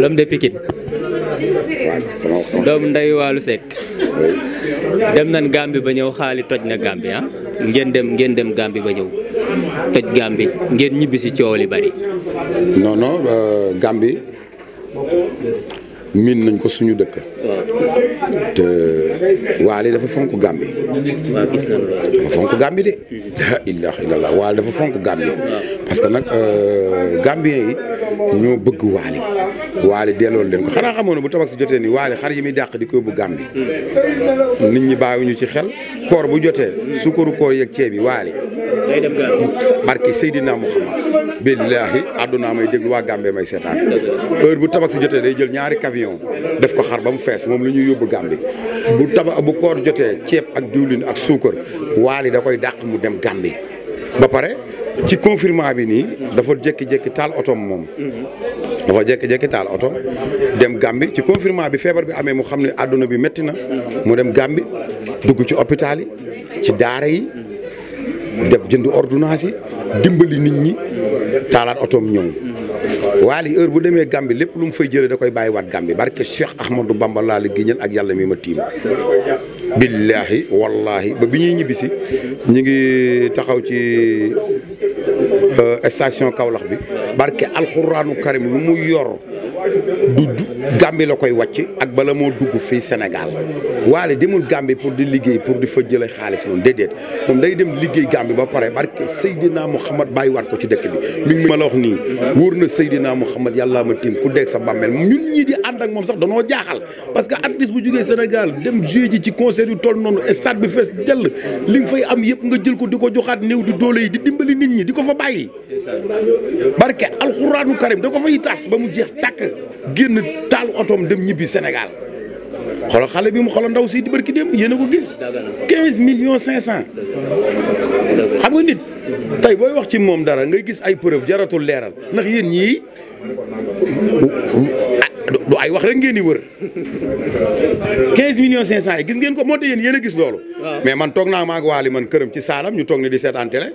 l'homme de Pikine doomu nday Wally Seck dem nañ Gambie ba ñëw xaali toj na Gambie ah ngeen dem ngeen dem Gambie ba ñëw toj Gambie ngeen ñibbi si coow li bari non non euh, miin nañ ko suñu dëkk. te waale dafa fonk gàmbi. dafa fonk gàmbi de. la ilaha illallah waale dafa fonk gàmbi. parce que nag euh, gambien yi ñoo bëgg waale. waale delloo leen ko xanaa xamoon bu tabax si jotee nii waale xar yi muy dàq di ko yóbbu gàmbi. nit ñi bàyyiwuñu ci xel. koor bu jotee suukaru koor yeeg ceeb bi waale. day dem gàllankoor barke Seydina billaahi àdduna may déglu waa Gambie may seetaan heure bu tabax si jotee day jël ñaari camion def ko xar ba mu fees moom la ñuy yóbbu Gambie bu tabax bu koor jotee ceeb ak diwlin ak suukar waale da koy dàq mu dem Gambie. ba pare ci confinement bi nii dafa jékki-jékki taal otoom moom. dafa jékki-jékki taal oto dem Gàmbi ci confinement bi feebar bi amee moo xam ne àdduna bi métti na. mu dem Gàmbi dugg ci hôpital yi ci daara yi. def jënd ordonnance yi dimbali nit ñi taalaat otoom ñëw. waali heure bu demee Gàmbi lépp lu fay jëlee da koy bàyyiwaat Gàmbi barke Cheikh Ahmadou Bamba laa la génneel ak yàlla mi ma tiim. billaahi wallaahi ba bi ñuy ñibbisi ñu ngi taxaw ci euh, station Kaolack bi barke alxuraanu karim lu mu yor du Gambie la koy wàcc ak bala moo dugg fii Sénégal waale mul Gambie pour di liggéey pour di fa jëlee xaalis noonu déedéet moom day dem liggéey Gambie ba pare barke Seydina Mouhamad bàyyiwaat ko ci dëkk bi. li ma la wax nii wóor na Seydina Mouhamad yàllaa ma tiim ku dégg sa bàmmeel ñun ñii di ànd ak moom jaaxal parce que artiste bu jugee Sénégal dem joué ji ci concert yu toll noonu stade bi fees dell li nga fay am yëpp nga jël ko di ko joxaat néew di doole yi di dimbali nit ñi di ko fa bàyyi barke alxuraanu karim da ko fay tas ba mu jeex tàkk génn taal otoom dem ñibbi Sénégal xolo xale bi mu xolo ndaw si di barki dem yéen a ko gis. 15 millions 500. xam nga nit tey booy wax ci moom dara nga gis ay preuve jaratul leeral ndax yeen ñii du ay wax rek ngeen di wër 15 millions 500 yi gis ngeen ko moo tax yéen yéen a gis loolu. mais man toog naa maa waali man këram ci saalam ñu toog ne di seetaan télé.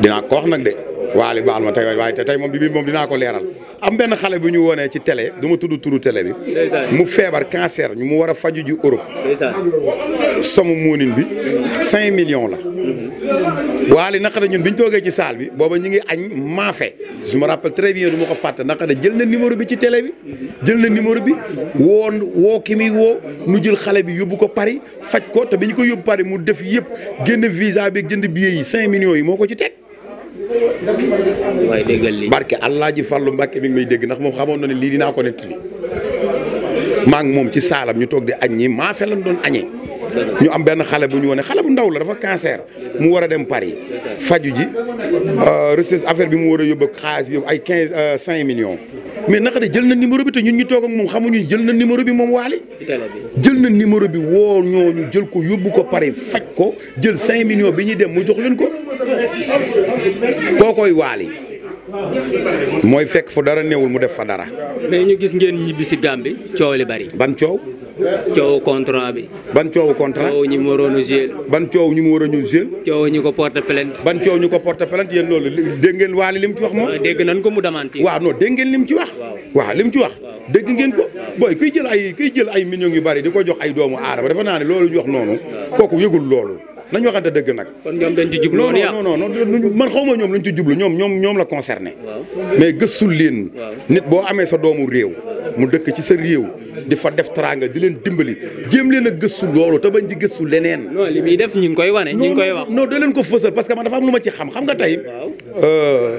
dinaa ko wax nag de. waali baal ma tey waaye te tey moom bi moom dinaa ko leeral am benn xale bu ñu wonee ci télé duma ma tudd turu télé bi mu feebar cancer ñu mu war a faju ji Europe somu moonin bi cinq millions la mhm. waali naqare ñun bi ñu toogee ci saal bi booba ñu ngi añ maafe je me rappelle très bien du ma ko fàtte naqare jël na numéro bi ci télé bi jël na numéro bi woo woo ki muy woo nu jël xale bi yóbbu ko Paris faj ko te bi ñu ko yóbbu Paris mu def yëpp génn visa bi jënd billet yi millions yi moo ko ci teg waaye déggal lii barke allah ji fallu Mbàkke bi ngi may dégg ndax moom xamoon na ne lii dinaa ko nettali maa ngi moom ci saalam ñu toog di añ ñi maa fe doon añee ñu am benn xale bu ñu wane xale bu ndaw la dafa cancer mu war a dem Paris faju ji euh, recette affaire bi mu war a yóbbu xaalis bi ay quinze euh, cinq millions mais naka de jël na numéro bi te ñun ñu toog ak moom xamuñu jël na numéro bi moom waali jël na numéro bi woo ñu jël ko yóbbu ko pare faj ko jël 5 millions bi ñuy dem mu jox leen ko kookoy waali mooy fekk fu dara néewul mu def fa dara. mais ñu gis ngeen ñibbi si Gambie coow li bari. ban coow. coow contrat bi. ban coow contrat coow ñi mu a jël. ban coow ñi mu waroon a jël. coow ñu ko porte ban coow ñu ko porte plainte yéen loolu dégg ngeen waale li mu ci wax moom. dégg nañ ko mu damanti. waaw non dégg ngeen wax. waaw ngeen ko booy kuy jël ay kuy jël ay millions yu bari di ko jox ay doomu aadama dafa naa ne loolu ñu wax noonu kooku yëgul loolu. nañ waxante dëgg nag. kon ñoom dañ ci jublu non non non man xaw ma ñoom lañ ci jublu ñoom ñoom ñoom la concerné. mais gëstul leen. nit boo amee sa doomu réew. mu dëkk ci sa réew. di fa def teraanga di leen dimbali jéem leen a gëstu loolu te bañ di gëstu leneen. li muy def ñi ngi koy wane ñi ngi koy wax. non da leen ko fësal parce que man dafa am lu ma ci xam xam nga tey. Euh,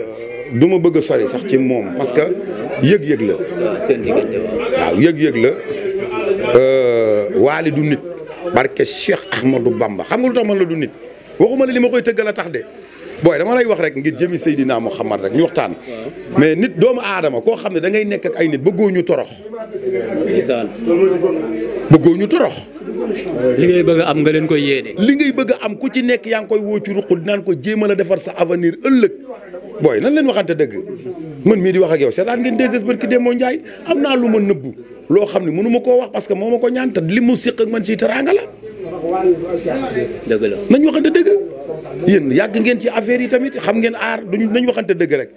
du ma bëgg a sori sax ci moom parce que yëg-yëg la. waaw yëg-yëg la euh, waali du nit. barke ma du Bamba xam nga lu tax man la du nit waxuma la li ma koy tëggal a tax de booy dama lay wax rek ngir jëmi Seydina Muhammad rek ñu waxtaan mais nit doomu aadama koo xam ne da ngay nekk ak ay nit bëggoo ñu torox. bëggoo ñu torox. li ngay bëgg a am nga leen koy yéene. li ngay bëgg am ku ci nekk yaa ngi koy woo ci ruq dinaan ko jéem a defar sa avenir ëllëg booy nan leen waxante dëgg man mii di wax ak yow seetaan ngeen des bët ki Demba Ndiaye am naa lu ma nëbbu. loo xam ne mënu ma koo wax parce que moo ma ko ñaan te li mu séq ak man ci teraanga la. dëgg la nañ waxante dëgg yéen yàgg ngeen ci affaire yi tamit xam ngeen aar duñ nañ waxante dëgg rek.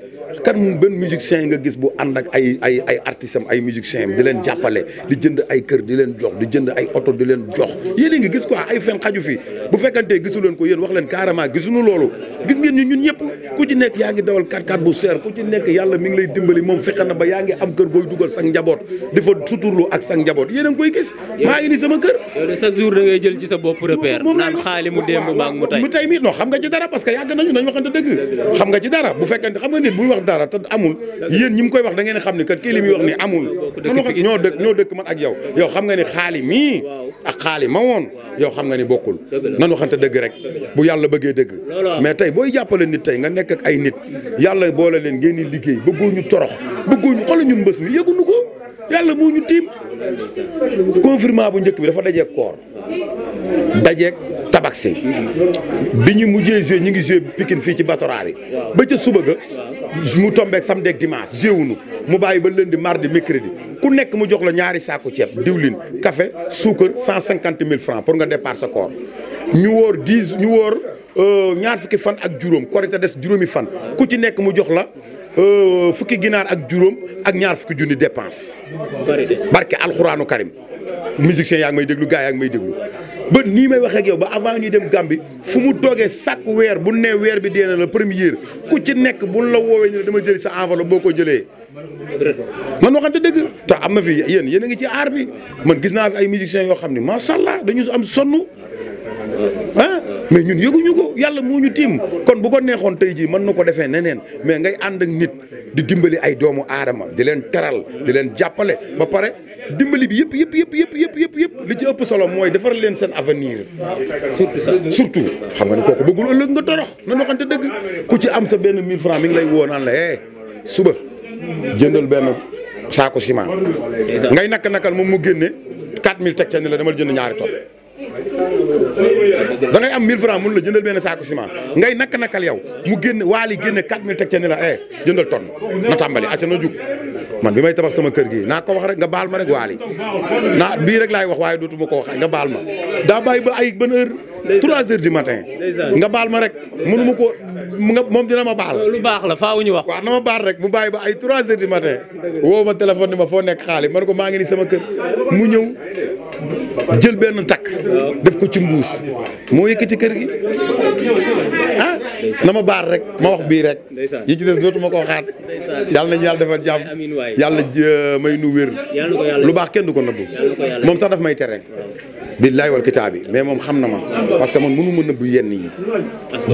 kan benn musicien nga gis bu di leen jàppale di jënd ay kër di leen jox di jënd ay oto di leen jox yéen nga gis quoi ay fen xaju fi bu fekkantee gisu ko yéen wax leen carrément gisuñu loolu gis ngeen ñu ñun ñëpp ku ci nekk yaa ngi dawal 4 x bu seer ku ci nekk yàlla mi ngi lay dimbali moom fexe ba yaa ngi am kër booy dugal sang njaboot di fa suturlu ak sang njaboot yéen ngi koy gis maa ngi sama kër parce que yàgg nañu nañ waxante dëgg xam nga ci dara bu fekkante xam nga nit dara te amul yéen ñi mu koy wax da ngeen xam ne kat kii li muy wax ni amul ñoo dëkk ñoo dëkk man ak yow yow xam nga ni xaali mii ak xaali ma woon yow xam nga ni bokkul nan waxante dëgg rek bu yàlla bëggee dëgg mais tey booy jàppale nit tey nga nekk ay nit yàlla boole leen ngeen di liggéey bëggoo ñu torox bëggoo ñu xoolal ñun mbës mi yëgunu ko yàlla moo ñu tiim confinement bu njëkk bi dafa dajeeg koor dajeeg tabaxi bi ñu mujjee joué ñu ngi joué Pikine fii ci batoraa bi ba ca suba ga mu tombeek samedi ak dimanche joué wuñu mu bàyyi ba lundi mardi mercredi ku nekk mu jox la ñaari saaku ceeb diwlin café suukar cent cinquante mille francs pour nga départ sa koor ñu wóor dix ñu wóor euh, ñaar fukki fan ak juróom korite des juróomi fan ku ci nekk mu jox la euh, fukki ginaar ak juróom ak ñaar fukki junni dépense barke alxuraanu karim musicien yaa ngi may déglu gars yaa ngi may déglu ba nii may wax ak yow ba avant ñuy dem gàmbi fu mu toogee sàkk weer bu ne weer bi dee na la première ku ci nekk bu la woowee ñu ne dama jël sa enveloppe boo ko jëlee. man waxante dëgg te am na fi yéen yéen a ngi ci aar bi man gis naa fi ay musiciens yoo xam ne macha allah dañu am sonn ah. mais ñun yëguñu ko yàlla moo ñu tiim kon bu ko neexoon tey jii mën na ko defee neneen mais ngay ànd ak nit di dimbali ay doomu aadama di leen teral di leen jàppale ba pare dimbali bi yëpp yëpp yëpp yëpp yëpp yëpp yëpp li ci ëpp solo mooy defaral leen seen avenir. surtout xam nga ni kooku bëggul ëllëg nga torox na waxante dëgg ku ci am sa benn 1000 francs ngi lay woo naan eh, suba jëndal benn saako ciment. ngay nakk nakal moom mu génne 4000 teg ca ni la demal jënd ñaari ton da ngay am 1000 francs mun la jëndal benn saako ciment ngay nakk nakal yaw mu génn waali génne 4000 teg ca ni la eh jëndal tonne na tàmbali acca na jug man bi may tabax sama kër gi naa ko wax rek nga baal ma rek waali naa bii rek laay wax waaye dootuma ko wax nga baal ma daa bàyyi ba ay ban heure trois heures di matin nga baal ma rek mënu ma ko moom dina ma baal lu baax la faaw ñu wax waaw na ma baal rek mu bàyyi ba ay trois heures du matin woo ma téléphone ni ma foo nekk xaalis man ko maa ngi ni sama kër mu ñëw jël benn takk def ko ci mbuus moo yëkkati kër gi ah na ma baar rek ma wax bii rek yi ci des dootuma ko waxaat yàlla nañu yàlla defal jàmm yàlla euh, may nu wér lu baax kenn du ko nëbbu moom sax daf may tere billaay wal kitaabi mais moom xam na ma parce que man mënu ma nëbbu yenn yi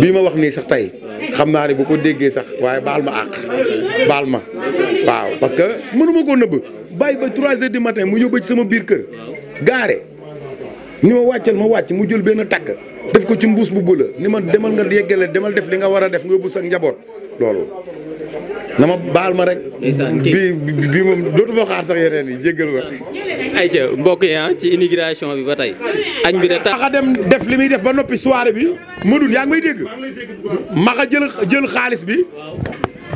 bii ma wax nii sax tey xam naa ne bu ko déggee sax waaye baal ma àq baal ma waaw parce que mënu ma koo nëbb bàyyi ba trois heures du matin mu ñëw sama biir kër gaare ni ma wàccal ma wàcc mu jël benn takk def ko ci mbuus bu bula ni ma demal nga yeggale demal def li nga war a def nga yóbbu sax njaboot loolu na ma baal ma rek. bi bi moom dootuma xaar sax yeneen yi jéggal ma. ayca mbokk yi ah, ci inigration bi ba tey. añ bi de tax maxa dem def li muy def ba noppi soirée bi madul yaa ngi may dégg maxa jël jël xaalis bi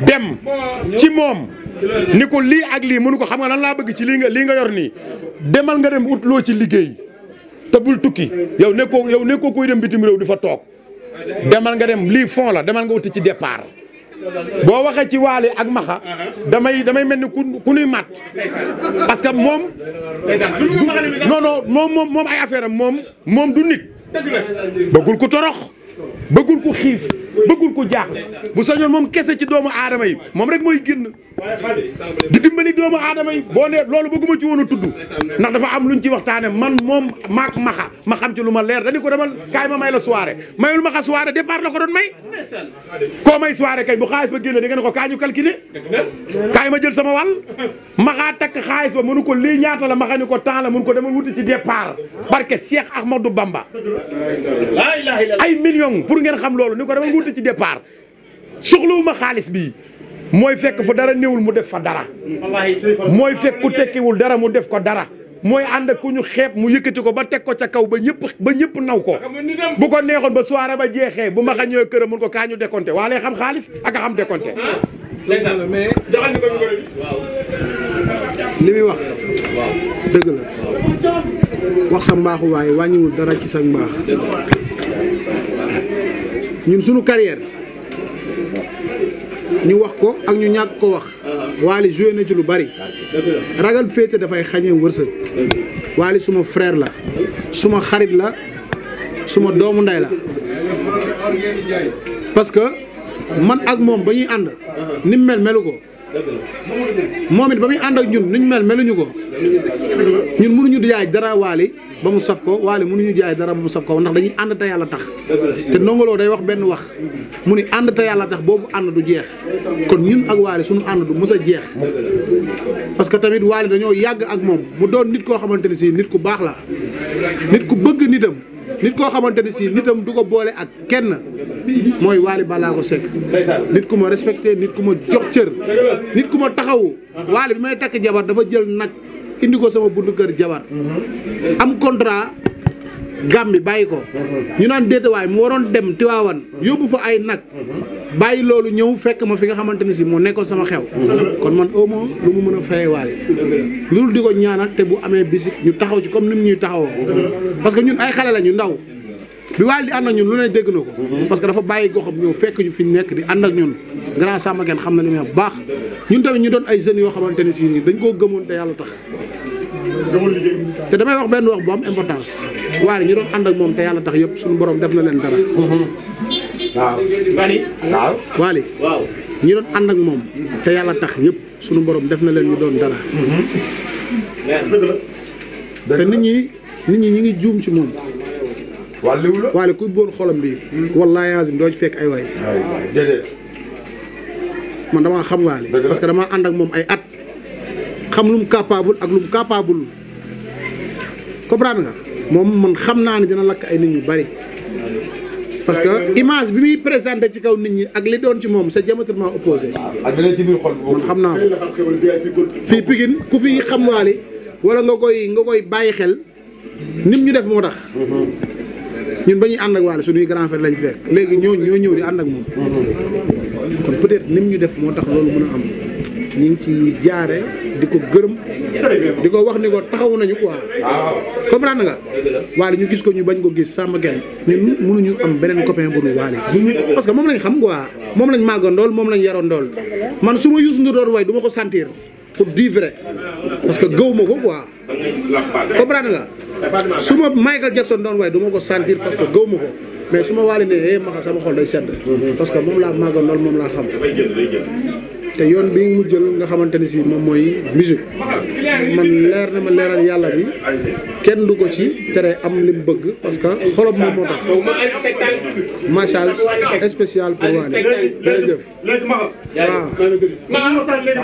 dem ci moom ni ko lii ak lii mënu ko xam nga lan laa bëgg ci lii nga lii nga yor nii demal nga dem ut loo ci liggéey. te bul tukki yow nekkoo yow nekkoo koy dem bitim réew di fa toog demal nga dem lii fond la demal nga wuti ci départ boo waxee ci waale ak maxa damay damay mel ni ku nuy mat parce que moom non moom moom ay affaire am moom moom du nit bëggul ku torox bëggul ku xiif bëggul ko jaaxle bu sañoon moom kese ci doomu aadama yi moom rek mooy génn di dimbali doomu aadama yi boo ne loolu bëgguma ci woon a tudd ndax dafa am lu luñ ci waxtaane man moom maak maxa ma xam ci lu ma leer dañu ko demal kaay ma may la soirée mayul maxa soirée départ la ko doon may koo may soirée kay bu xaalis ba génne da nga ne ko kaay ñu calculer kaay ma jël sama wàll maxaa takk xaalis ba mënu ko lii ñaata la maxa ni ko temps la mun ko demal wuti ci départ barke Cheikh Ahmadou Bamba ay million pour ngeen xam loolu ni ko demal wuti ci départ soxlawuma xaalis bi mooy fekk fu dara néewul mu def fa dara. mooy fekk ku tekkiwul dara mu def ko dara. mooy ànd ak ku ñu xeeb mu yëkkati ko ba teg ko ca kaw ba ñëpp ba ñëpp naw ko bu ko neexoon ba soirée ba jeexee bu ma xa kër këram mun ko kaa ñu décompté waa xam xaalis ak a xam décompté. Ah? li muy wax dëgg la wax sa mbaaxu wàññiwul dara ci sa mbaax. ñun suñu carrière ñu wax ko ak ñu ñàkk ko wax Wally joué ci lu bari ragal féete dafay xañee wërsëg Wally suma frère la suma xarit la suma doomu nday la parce que man ak moom ba ñuy ànd ni mu mel melu ko moom it ba muy ànd ak ñun ni ñu mel meluñu ko ñun mënuñu di jaay dara Wally ba mu saf ko waale mënuñu jaay dara ba mu saf ko ndax dañuy ànd te yàlla tax te nongoloo day wax benn wax mu ni ànd te yàlla tax boobu ànd du jeex kon ñun ak waale suñu ànd du mës a jeex parce que tamit waale dañoo yàgg ak moom mu doon nit koo xamante ne si nit ku baax la nit ku bëgg nitam nit koo xamante ne si nitam du ko boole ak kenn mooy Waly Ballago Seck nit ku ma respecté nit ku ma jox cër nit ku ma taxawu may takk jabar dafa jël nag indi ko sama buntu kër jabar mhm. am contrat Gàmbi bàyyi ko mhm. ñu naan déetawaay mu waroon dem Tiwaawan mhm. yóbbu fa ay nag bàyyi loolu ñëw fekk ma fi nga xamante ne si moo nekkoon sama xew kon man au moins lu mu mën a fayewaale loolu di ko ñaanal te bu amee bisit ñu taxaw ci comme ni mu ñuy taxawoo parce que ñun ay xale la ñu ndaw bi waal di ànd ak ñun lu ne dégg na ko parce que dafa bàyyi goxam ñëw fekk ñu fi ñu nekk di ànd ak ñun grand sàmmageen xam na li muy wax baax ñun tamit ñu doon ay jeunes yoo xamante ne si nii dañ koo gëmoon te yàlla tax te damay wax benn wax bu am importance waaye ñu doon ànd ak moom te yàlla tax yëpp suñu borom def na leen dara waaw waaw ñi doon ànd moom te yàlla tax yëpp suñu borom def na leen ñu doon dara te nit ñi nit ñi ñu ngi juum ci moom wàlliwu la waale ku boon xolam bi hmm. wallaahi azim doo ci fekk ay way déedéet man damaa xam waale parce que damaa ànd ak moom ay at xam lu mu capable ak lu mu capable comprendre nga moom man xam naa ne dina lakk ay nit ñu bari parce que image bi muy présenté ci kaw nit ñi ak li doon ci moom c'est diamétralement opposé ah, man xam naa ko fii Pikine ku fi xam waale wala nga koy nga koy bàyyi xel nit ñu def moo tax mm-hmm. ñun ba ñuy ànd ak Wally suñuy grand frère lañ fekk léegi ñoo ñoo ñëw di ànd ak moom kon peut-être nim ñu def moo tax loolu mën a am ñu ngi ci jaare di ko gërëm di ko wax ni ko taxaw nañu quoi comprendre nga Wally ñu gis ko ñu bañ ko gis sàmm kenn ñun munuñu am beneen copain bu dul Wally parce que moom lañ xam quoi moom lañ màggoon ndool moom lañ yaroon ndool man su ma Youssou Ndour doon way du ma ko sentir pour dire vrai parce que gëw ma ko quoi comprendre nga su ma Michael Jackson doon waaye du ma ko sentir parce que gëw ko mais su ma waali ne eh maxa sama xol day sedd. parce que moom laa màggoon loolu moom laa xam. te yoon bi mu jël nga xamante ni si moom mooy musique man leer na ma leeral yàlla bi kenn du ko ci tere am li bëgg parce que xolom moom moo tax message spécial pour waale jërëjëf waaw